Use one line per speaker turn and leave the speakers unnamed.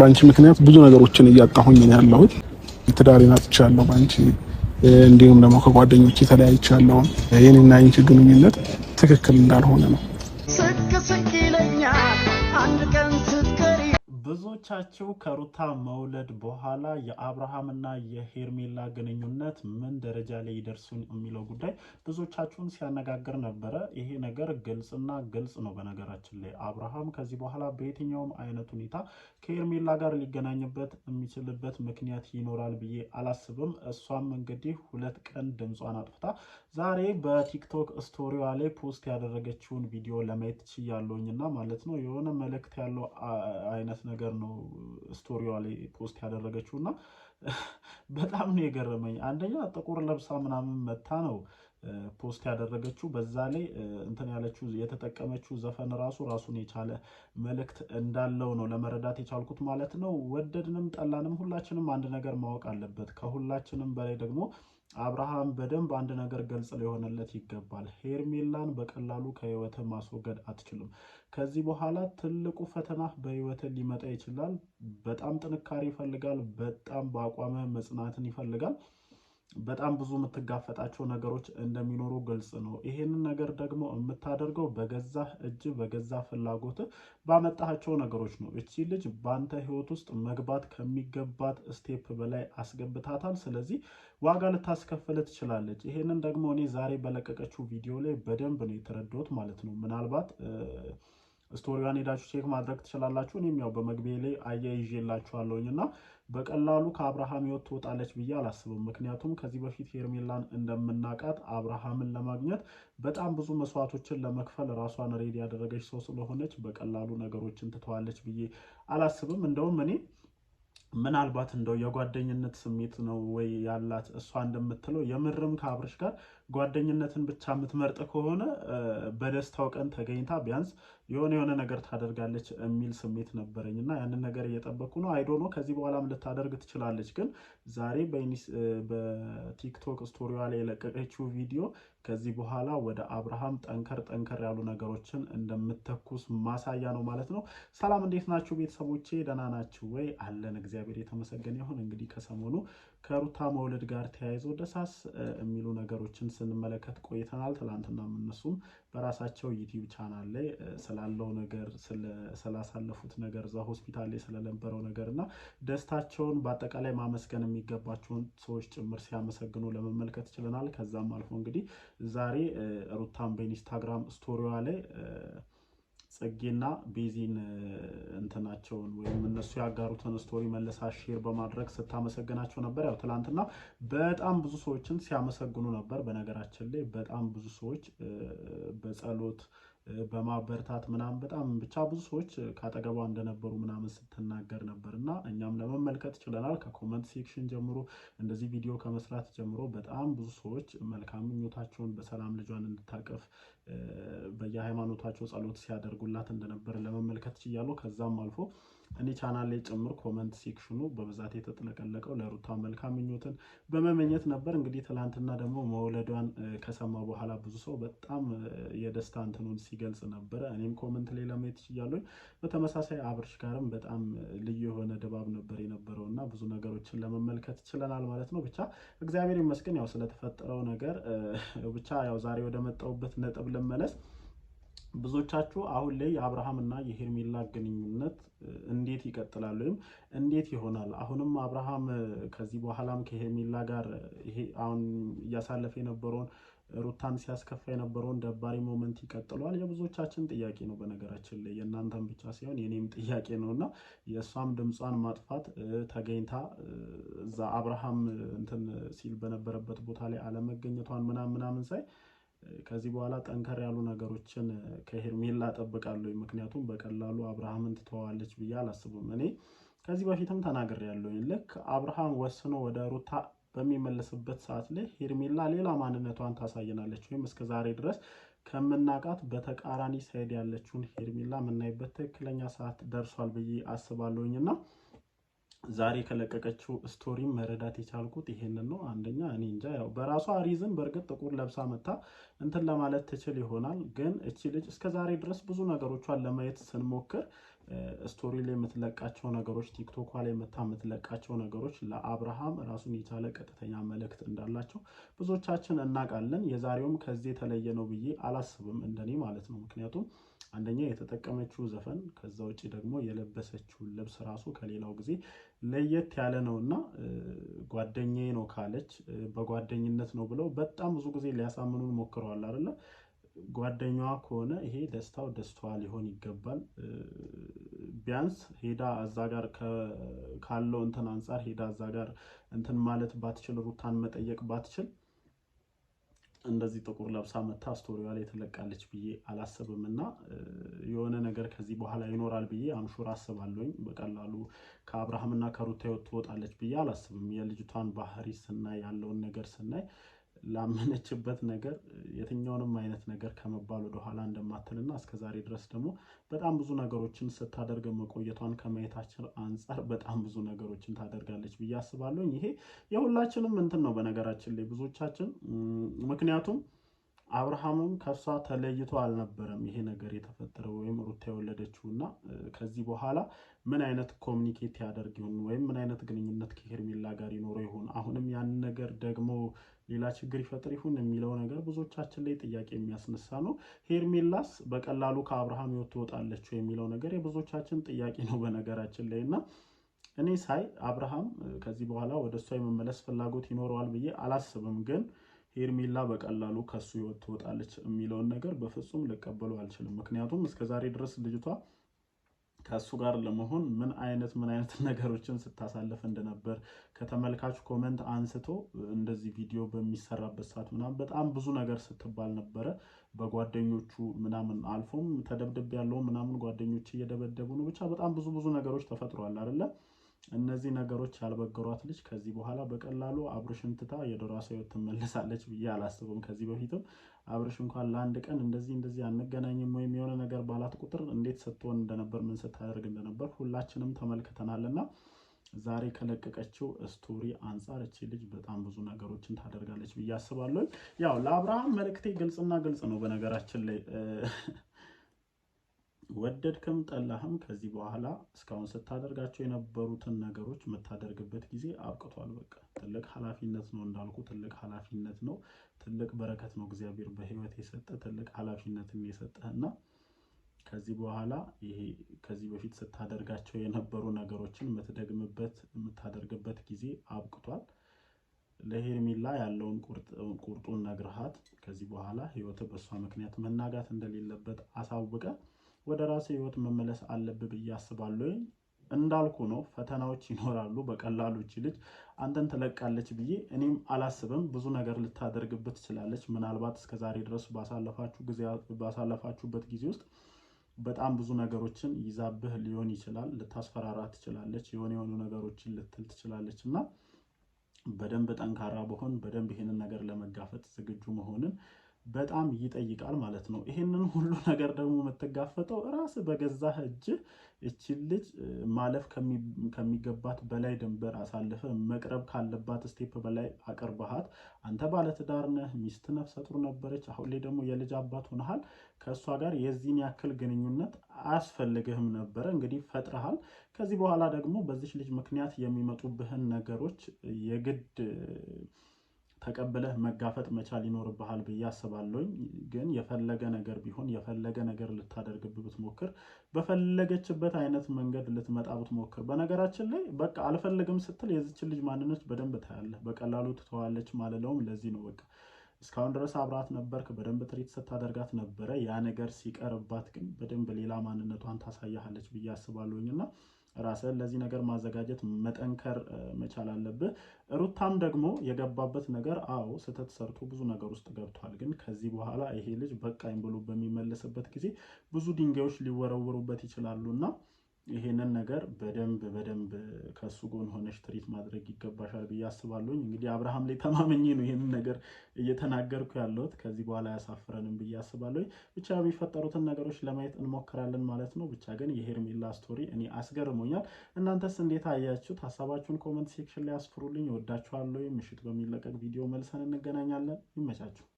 በአንቺ ምክንያት ብዙ ነገሮችን እያጣሁኝ ነው ያለሁት። ትዳሬን አጥቻለሁ በአንቺ እንዲሁም ደግሞ ከጓደኞች ተለያይቻለሁ። የኔና አንቺ ግንኙነት ትክክል እንዳልሆነ ነው ብዙዎቻችሁ ከሩታ መውለድ በኋላ የአብርሃምና የሄርሜላ ግንኙነት ምን ደረጃ ላይ ይደርሱ የሚለው ጉዳይ ብዙዎቻችሁን ሲያነጋግር ነበረ። ይሄ ነገር ግልጽና ግልጽ ነው። በነገራችን ላይ አብርሃም ከዚህ በኋላ በየትኛውም አይነት ሁኔታ ከሄርሜላ ጋር ሊገናኝበት የሚችልበት ምክንያት ይኖራል ብዬ አላስብም። እሷም እንግዲህ ሁለት ቀን ድምጿን አጥፍታ ዛሬ በቲክቶክ ስቶሪዋ ላይ ፖስት ያደረገችውን ቪዲዮ ለማየት ችያለሁኝ እና ማለት ነው የሆነ መልእክት ያለው አይነት ነገር ነው ስቶሪዋ ላይ ፖስት ያደረገችው እና በጣም ነው የገረመኝ። አንደኛ ጥቁር ለብሳ ምናምን መታ ነው ፖስት ያደረገችው። በዛ ላይ እንትን ያለችው የተጠቀመችው ዘፈን ራሱ ራሱን የቻለ መልእክት እንዳለው ነው ለመረዳት የቻልኩት ማለት ነው። ወደድንም ጠላንም ሁላችንም አንድ ነገር ማወቅ አለበት። ከሁላችንም በላይ ደግሞ አብርሃም በደንብ አንድ ነገር ገልጽ ሊሆንለት ይገባል። ሄርሜላን በቀላሉ ከህይወት ማስወገድ አትችልም። ከዚህ በኋላ ትልቁ ፈተና በህይወት ሊመጣ ይችላል። በጣም ጥንካሬ ይፈልጋል። በጣም በአቋመ መጽናትን ይፈልጋል። በጣም ብዙ የምትጋፈጣቸው ነገሮች እንደሚኖሩ ግልጽ ነው። ይሄንን ነገር ደግሞ የምታደርገው በገዛ እጅ በገዛ ፍላጎት ባመጣቸው ነገሮች ነው። እቺ ልጅ በአንተ ህይወት ውስጥ መግባት ከሚገባት ስቴፕ በላይ አስገብታታል። ስለዚህ ዋጋ ልታስከፍል ትችላለች። ይሄንን ደግሞ እኔ ዛሬ በለቀቀችው ቪዲዮ ላይ በደንብ ነው የተረዳሁት ማለት ነው ምናልባት ስቶሪዋን ሄዳችሁ ቼክ ማድረግ ትችላላችሁ። እኔም ያው በመግቢያ ላይ አያይዤላችኋለሁኝ እና በቀላሉ ከአብርሃም ህይወት ትወጣለች ብዬ አላስብም። ምክንያቱም ከዚህ በፊት ሄርሜላን እንደምናቃት አብርሃምን ለማግኘት በጣም ብዙ መስዋዕቶችን ለመክፈል ራሷን ሬድ ያደረገች ሰው ስለሆነች በቀላሉ ነገሮችን ትተዋለች ብዬ አላስብም። እንደውም እኔ ምናልባት እንደው የጓደኝነት ስሜት ነው ወይ ያላት? እሷ እንደምትለው የምርም ከአብርሽ ጋር ጓደኝነትን ብቻ የምትመርጥ ከሆነ በደስታው ቀን ተገኝታ ቢያንስ የሆነ የሆነ ነገር ታደርጋለች የሚል ስሜት ነበረኝ እና ያንን ነገር እየጠበቅኩ ነው። አይዶኖ ከዚህ በኋላም ልታደርግ ትችላለች። ግን ዛሬ በቲክቶክ ስቶሪዋ ላይ የለቀቀችው ቪዲዮ ከዚህ በኋላ ወደ አብርሃም ጠንከር ጠንከር ያሉ ነገሮችን እንደምተኩስ ማሳያ ነው ማለት ነው። ሰላም እንዴት ናችሁ ቤተሰቦቼ? ደህና ናችሁ ወይ? አለን እግዚአብሔር የተመሰገነ ይሁን። እንግዲህ ከሰሞኑ ከሩታ መውለድ ጋር ተያይዞ ደሳስ የሚሉ ነገሮችን ስንመለከት ቆይተናል። ትላንትና እነሱም በራሳቸው ዩቲዩብ ቻናል ላይ ስላለው ነገር ስላሳለፉት ነገር እዛ ሆስፒታል ላይ ስለነበረው ነገር እና ደስታቸውን በአጠቃላይ ማመስገን የሚገባቸውን ሰዎች ጭምር ሲያመሰግኑ ለመመልከት ችለናል። ከዛም አልፎ እንግዲህ ዛሬ ሩታም በኢንስታግራም ስቶሪዋ ላይ ጽጌና ቤዚን እንትናቸውን ወይም እነሱ ያጋሩትን ስቶሪ መለሳ ሼር በማድረግ ስታመሰግናቸው ነበር። ያው ትላንትና በጣም ብዙ ሰዎችን ሲያመሰግኑ ነበር። በነገራችን ላይ በጣም ብዙ ሰዎች በጸሎት በማበረታት ምናምን በጣም ብቻ ብዙ ሰዎች ከአጠገቧ እንደነበሩ ምናምን ስትናገር ነበር እና እኛም ለመመልከት ችለናል። ከኮመንት ሴክሽን ጀምሮ እንደዚህ ቪዲዮ ከመስራት ጀምሮ በጣም ብዙ ሰዎች መልካም ምኞታቸውን በሰላም ልጇን እንድታቀፍ በየሃይማኖታቸው ጸሎት ሲያደርጉላት እንደነበር ለመመልከት ችያለሁ። ከዛም አልፎ እኔ ቻናል ላይ ጭምር ኮመንት ሴክሽኑ በብዛት የተጥለቀለቀው ለሩታ መልካም ምኞትን በመመኘት ነበር። እንግዲህ ትላንትና ደግሞ መውለዷን ከሰማ በኋላ ብዙ ሰው በጣም የደስታ እንትኑን ሲገልጽ ነበረ። እኔም ኮመንት ላይ ለማየት ችያለሁ። በተመሳሳይ አብርሽ ጋርም በጣም ልዩ የሆነ ድባብ ነበር የነበረው እና ብዙ ነገሮችን ለመመልከት ችለናል ማለት ነው። ብቻ እግዚአብሔር ይመስገን ያው ስለተፈጠረው ነገር ብቻ ያው ዛሬ ወደ መጣሁበት ነጥብ ልመለስ። ብዙዎቻችሁ አሁን ላይ የአብርሃም እና የሄርሜላ ግንኙነት እንዴት ይቀጥላል ወይም እንዴት ይሆናል? አሁንም አብርሃም ከዚህ በኋላም ከሄርሜላ ጋር ይሄ አሁን እያሳለፈ የነበረውን ሩታን ሲያስከፋ የነበረውን ደባሪ ሞመንት ይቀጥለዋል? የብዙዎቻችን ጥያቄ ነው። በነገራችን ላይ የእናንተን ብቻ ሳይሆን የኔም ጥያቄ ነው እና የእሷም ድምጿን ማጥፋት ተገኝታ እዛ አብርሃም እንትን ሲል በነበረበት ቦታ ላይ አለመገኘቷን ምናምን ምናምን ሳይ ከዚህ በኋላ ጠንከር ያሉ ነገሮችን ከሄርሜላ ጠብቃለሁ። ምክንያቱም በቀላሉ አብርሃምን ትተዋለች ብዬ አላስብም። እኔ ከዚህ በፊትም ተናግሬያለሁኝ። ልክ አብርሃም ወስኖ ወደ ሩታ በሚመለስበት ሰዓት ላይ ሄርሜላ ሌላ ማንነቷን ታሳየናለች ወይም እስከ ዛሬ ድረስ ከምናቃት በተቃራኒ ሳይድ ያለችውን ሄርሜላ የምናይበት ትክክለኛ ሰዓት ደርሷል ብዬ አስባለሁኝና ዛሬ ከለቀቀችው ስቶሪ መረዳት የቻልኩት ይሄንን ነው። አንደኛ እኔ እንጃ ያው በራሷ ሪዝን በእርግጥ ጥቁር ለብሳ መታ እንትን ለማለት ትችል ይሆናል። ግን እቺ ልጅ እስከ ዛሬ ድረስ ብዙ ነገሮቿን ለማየት ስንሞክር ስቶሪ ላይ የምትለቃቸው ነገሮች፣ ቲክቶኳ ላይ መታ የምትለቃቸው ነገሮች ለአብርሃም ራሱን የቻለ ቀጥተኛ መልእክት እንዳላቸው ብዙዎቻችን እናውቃለን። የዛሬውም ከዚህ የተለየ ነው ብዬ አላስብም፣ እንደኔ ማለት ነው ምክንያቱም አንደኛ የተጠቀመችው ዘፈን፣ ከዛ ውጭ ደግሞ የለበሰችው ልብስ ራሱ ከሌላው ጊዜ ለየት ያለ ነው እና ጓደኛዬ ነው ካለች በጓደኝነት ነው ብለው በጣም ብዙ ጊዜ ሊያሳምኑን ሞክረዋል አይደለ? ጓደኛዋ ከሆነ ይሄ ደስታው ደስታዋ ሊሆን ይገባል። ቢያንስ ሄዳ እዛ ጋር ካለው እንትን አንጻር ሄዳ እዛ ጋር እንትን ማለት ባትችል፣ ሩታን መጠየቅ ባትችል እንደዚህ ጥቁር ለብሳ መታ ስቶሪዋ ላይ ትለቃለች ብዬ አላስብም እና የሆነ ነገር ከዚህ በኋላ ይኖራል ብዬ አምሹር አስባለሁኝ። በቀላሉ ከአብርሃምና ከሩታ ትወጣለች ብዬ አላስብም። የልጅቷን ባህሪ ስናይ፣ ያለውን ነገር ስናይ ላመነችበት ነገር የትኛውንም አይነት ነገር ከመባል ወደኋላ እንደማትልና እስከዛሬ ድረስ ደግሞ በጣም ብዙ ነገሮችን ስታደርግ መቆየቷን ከማየታችን አንጻር በጣም ብዙ ነገሮችን ታደርጋለች ብዬ አስባለሁኝ። ይሄ የሁላችንም እንትን ነው በነገራችን ላይ ብዙዎቻችን ምክንያቱም አብርሃምም ከእሷ ተለይቶ አልነበረም ይሄ ነገር የተፈጠረው ወይም ሩታ የወለደችው እና ከዚህ በኋላ ምን አይነት ኮሚኒኬት ያደርግ ይሆን ወይም ምን አይነት ግንኙነት ከሄርሜላ ጋር ይኖረው ይሆን? አሁንም ያን ነገር ደግሞ ሌላ ችግር ይፈጥር ይሁን የሚለው ነገር ብዙዎቻችን ላይ ጥያቄ የሚያስነሳ ነው። ሄርሜላስ በቀላሉ ከአብርሃም ይወት ትወጣለች የሚለው ነገር የብዙዎቻችን ጥያቄ ነው በነገራችን ላይ እና እኔ ሳይ አብርሃም ከዚህ በኋላ ወደ እሷ የመመለስ ፍላጎት ይኖረዋል ብዬ አላስብም። ግን ሄርሜላ በቀላሉ ከሱ ይወት ትወጣለች የሚለውን ነገር በፍጹም ልቀበሉ አልችልም። ምክንያቱም እስከዛሬ ድረስ ልጅቷ ከእሱ ጋር ለመሆን ምን አይነት ምን አይነት ነገሮችን ስታሳልፍ እንደነበር ከተመልካች ኮመንት አንስቶ እንደዚህ ቪዲዮ በሚሰራበት ሰዓት ምናምን በጣም ብዙ ነገር ስትባል ነበረ። በጓደኞቹ ምናምን አልፎም ተደብደብ ያለው ምናምን ጓደኞች እየደበደቡ ነው። ብቻ በጣም ብዙ ብዙ ነገሮች ተፈጥሯል አይደለም። እነዚህ ነገሮች ያልበገሯት ልጅ ከዚህ በኋላ በቀላሉ አብርሽን ትታ ወደ ራሷ ትመለሳለች ብዬ አላስብም። ከዚህ በፊትም አብርሽ እንኳን ለአንድ ቀን እንደዚህ እንደዚህ አንገናኝም ወይም የሆነ ነገር ባላት ቁጥር እንዴት ስትሆን እንደነበር ምን ስታደርግ እንደነበር ሁላችንም ተመልክተናልና ዛሬ ከለቀቀችው ስቶሪ አንጻር እቺ ልጅ በጣም ብዙ ነገሮችን ታደርጋለች ብዬ አስባለሁ። ያው ለአብርሃም መልእክቴ ግልጽና ግልጽ ነው በነገራችን ላይ ወደድክም ጠላህም ከዚህ በኋላ እስካሁን ስታደርጋቸው የነበሩትን ነገሮች የምታደርግበት ጊዜ አብቅቷል። በቃ ትልቅ ኃላፊነት ነው እንዳልኩ፣ ትልቅ ኃላፊነት ነው፣ ትልቅ በረከት ነው እግዚአብሔር በህይወት የሰጠ ትልቅ ኃላፊነትን የሰጠህ እና ከዚህ በኋላ ይሄ ከዚህ በፊት ስታደርጋቸው የነበሩ ነገሮችን የምትደግምበት የምታደርግበት ጊዜ አብቅቷል። ለሄርሜላ ያለውን ቁርጡን ነግርሃት ከዚህ በኋላ ህይወት በእሷ ምክንያት መናጋት እንደሌለበት አሳውቀ ወደ ራስህ ህይወት መመለስ አለብህ ብዬ አስባለሁ። እንዳልኩ ነው፣ ፈተናዎች ይኖራሉ። በቀላሉ እቺ ልጅ አንተን ትለቃለች ብዬ እኔም አላስብም። ብዙ ነገር ልታደርግበት ትችላለች። ምናልባት እስከዛሬ ድረስ ባሳለፋችሁበት ጊዜ ውስጥ በጣም ብዙ ነገሮችን ይዛብህ ሊሆን ይችላል። ልታስፈራራ ትችላለች። የሆነ የሆኑ ነገሮችን ልትል ትችላለች እና በደንብ ጠንካራ በሆን በደንብ ይሄንን ነገር ለመጋፈጥ ዝግጁ መሆንን በጣም ይጠይቃል ማለት ነው። ይህንን ሁሉ ነገር ደግሞ የምትጋፈጠው ራስ በገዛ እጅ እቺ ልጅ ማለፍ ከሚገባት በላይ ድንበር አሳልፈ መቅረብ ካለባት ስቴፕ በላይ አቅርበሃት። አንተ ባለትዳር ነህ፣ ሚስት ነፍሰ ጡር ነበረች፣ አሁን ላይ ደግሞ የልጅ አባት ሆነሃል። ከእሷ ጋር የዚህን ያክል ግንኙነት አያስፈልግህም ነበረ። እንግዲህ ፈጥረሃል። ከዚህ በኋላ ደግሞ በዚች ልጅ ምክንያት የሚመጡብህን ነገሮች የግድ ተቀብለህ መጋፈጥ መቻል ይኖርብሃል ብዬ አስባለሁኝ። ግን የፈለገ ነገር ቢሆን የፈለገ ነገር ልታደርግብ ብትሞክር በፈለገችበት አይነት መንገድ ልትመጣ ብትሞክር፣ በነገራችን ላይ በቃ አልፈልግም ስትል የዚችን ልጅ ማንነት በደንብ ታያለህ። በቀላሉ ትተዋለች ማለለውም ለዚህ ነው። በቃ እስካሁን ድረስ አብራት ነበርክ፣ በደንብ ትሪት ስታደርጋት ነበረ። ያ ነገር ሲቀርባት ግን በደንብ ሌላ ማንነቷን ታሳያለች ብዬ አስባለሁኝ እና ራስህን ለዚህ ነገር ማዘጋጀት መጠንከር መቻል አለብህ። ሩታም ደግሞ የገባበት ነገር አዎ ስህተት ሰርቶ ብዙ ነገር ውስጥ ገብቷል። ግን ከዚህ በኋላ ይሄ ልጅ በቃኝ ብሎ በሚመለስበት ጊዜ ብዙ ድንጋዮች ሊወረውሩበት ይችላሉና ይሄንን ነገር በደንብ በደንብ ከሱ ጎን ሆነሽ ትሪት ማድረግ ይገባሻል ብዬ አስባለሁኝ። እንግዲህ አብርሃም ላይ ተማመኝ ነው ይህንን ነገር እየተናገርኩ ያለሁት። ከዚህ በኋላ ያሳፍረንም ብዬ አስባለሁኝ። ብቻ የሚፈጠሩትን ነገሮች ለማየት እንሞክራለን ማለት ነው። ብቻ ግን የሄርሜላ ስቶሪ እኔ አስገርሞኛል። እናንተስ እንዴት አያችሁት? ሀሳባችሁን ኮመንት ሴክሽን ላይ አስፍሩልኝ። ወዳችኋለሁ። ምሽት በሚለቀቅ ቪዲዮ መልሰን እንገናኛለን። ይመቻችሁ።